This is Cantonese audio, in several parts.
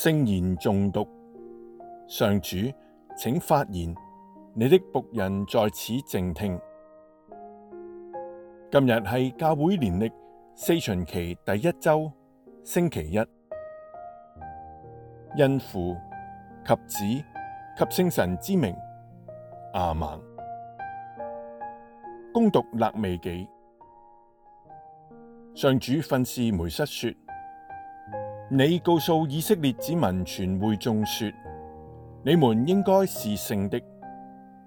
聖言誦讀，上主，請發言，你的僕人在此靜聽。今日係教會年曆四旬期第一周，星期一。因父及子及聖神之名，阿們。恭讀肋未紀，上主訓示梅瑟說。你告訴以色列子民全會眾說：你們應該是聖的，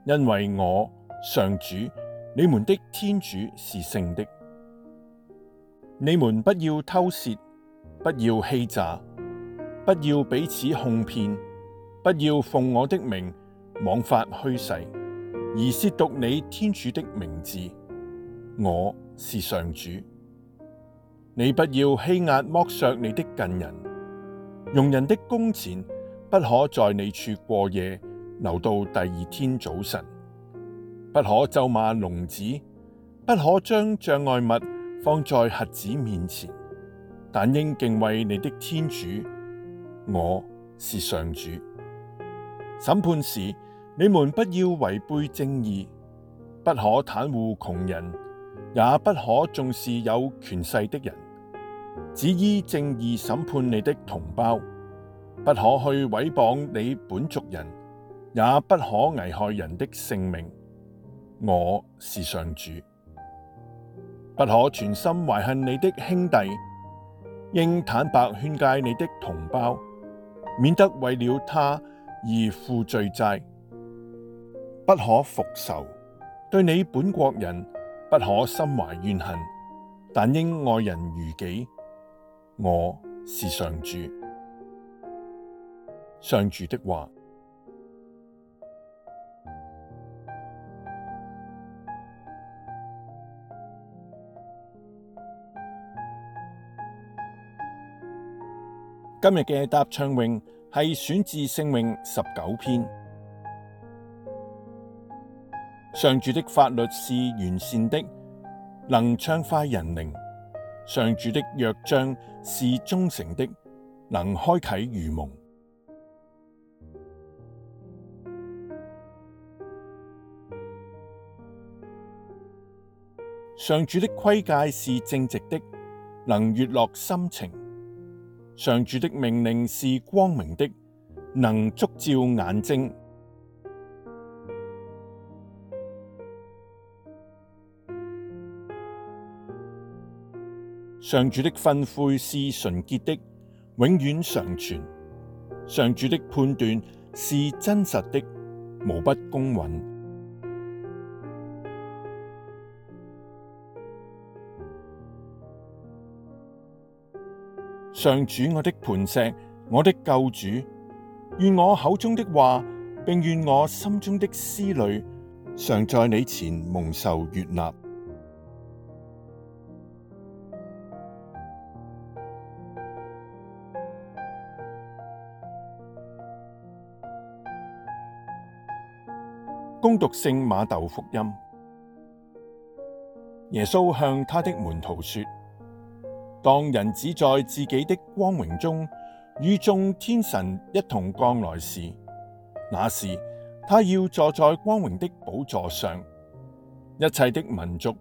因為我上主你們的天主是聖的。你們不要偷竊，不要欺詐，不要彼此哄騙，不要奉我的名妄發虛誓，而褻瀆你天主的名字。我是上主。你不要欺壓剝削你的近人，傭人的工錢不可在你處過夜，留到第二天早晨。不可咒罵聾子，不可將障礙物放在瞎子面前。但應敬畏你的天主，我是上主。審判時，你們不要違背正義，不可袒護窮人。也不可重視有權勢的人，只依正義審判你的同胞，不可去毀謗你本族人，也不可危害人的性命。我是上主，不可存心懷恨你的兄弟，應坦白勸戒你的同胞，免得為了他而負罪債，不可復仇。對你本國人。不可心懷怨恨，但應愛人如己。我是上主。上主的話，今日嘅答唱詠是選自聖詠十九篇。上主的法律是完善的，能暢快人靈；上主的約章是忠誠的，能開啟愚蒙；上主的規誡是正直的，能悅樂心情；上主的命令是光明的，能燭照眼睛。上主的訓誨是純潔的，永遠常存；上主的判斷是真實的，無不公允。上主，我的磐石，我的救主，願我口中的話，並願我心中的思慮，常在你前蒙受悅納。恭讀聖瑪竇福音，耶穌向他的門徒說：當人子在自己的光榮中與眾天神一同降來時，那時他要坐在光榮的寶座上，一切的民族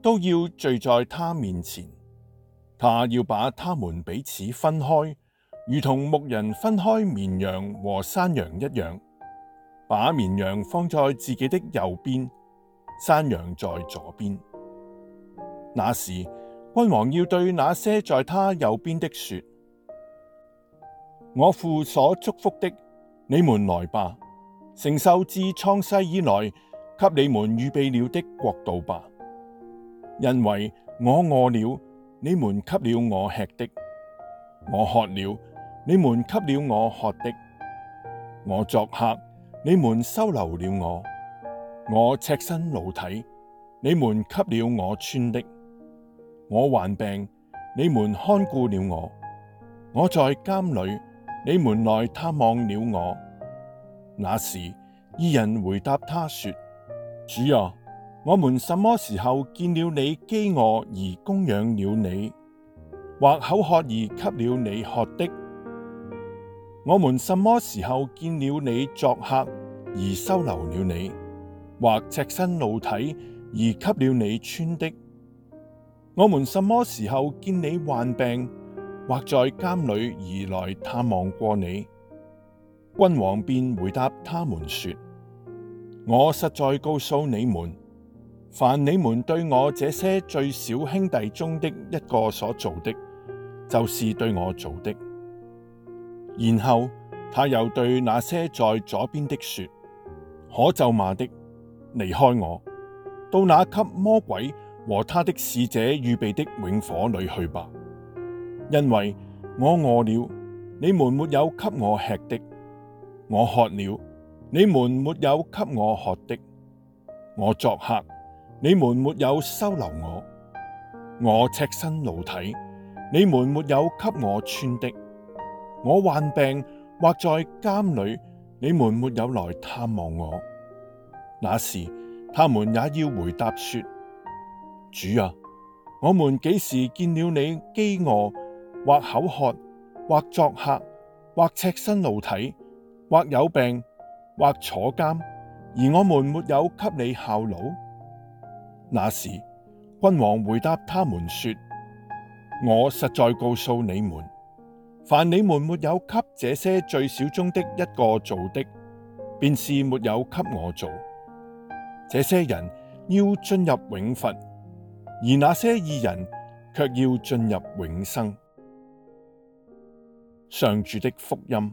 都要聚在他面前，他要把他們彼此分開，如同牧人分開綿羊和山羊一樣。把綿羊放在自己的右邊，山羊在左邊。那時君王要對那些在他右邊的說：我父所祝福的，你們來吧，承受自創世以來給你們預備了的國度吧。因為我餓了，你們給了我吃的；我渴了，你們給了我喝的；我作客。你們收留了我，我赤身露體；你們給了我穿的，我患病，你們看顧了我；我在監裏，你們來探望了我。那時，義人回答他說：主啊，我們什麼時候見了你饑餓而供養了你，或口渴而給了你喝的？我們什麼時候見了你作客而收留了你，或赤身露體而給了你穿的？我們什麼時候見你患病或在監裡而來探望過你？君王便回答他們說：我實在告訴你們，凡你們對我這些最小兄弟中的一個所做的，就是對我做的。然後他又對那些在左邊的說：可咒罵的，離開我，到那給魔鬼和他的使者預備的永火裡去吧！因為我餓了，你們沒有給我吃的；我渴了，你們沒有給我喝的；我作客，你們沒有收留我；我赤身露體，你們沒有給我穿的。我患病或在監裏，你們沒有來探望我。那時，他們也要回答說：主啊，我們幾時見了你飢餓或口渴或作客或赤身露體或有病或坐監，而我們沒有給你效勞？那時，君王回答他們說：我實在告訴你們。凡你們沒有給這些最小中的一個做的，便是沒有給我做。這些人要進入永罰，而那些義人卻要進入永生。—上主的福音。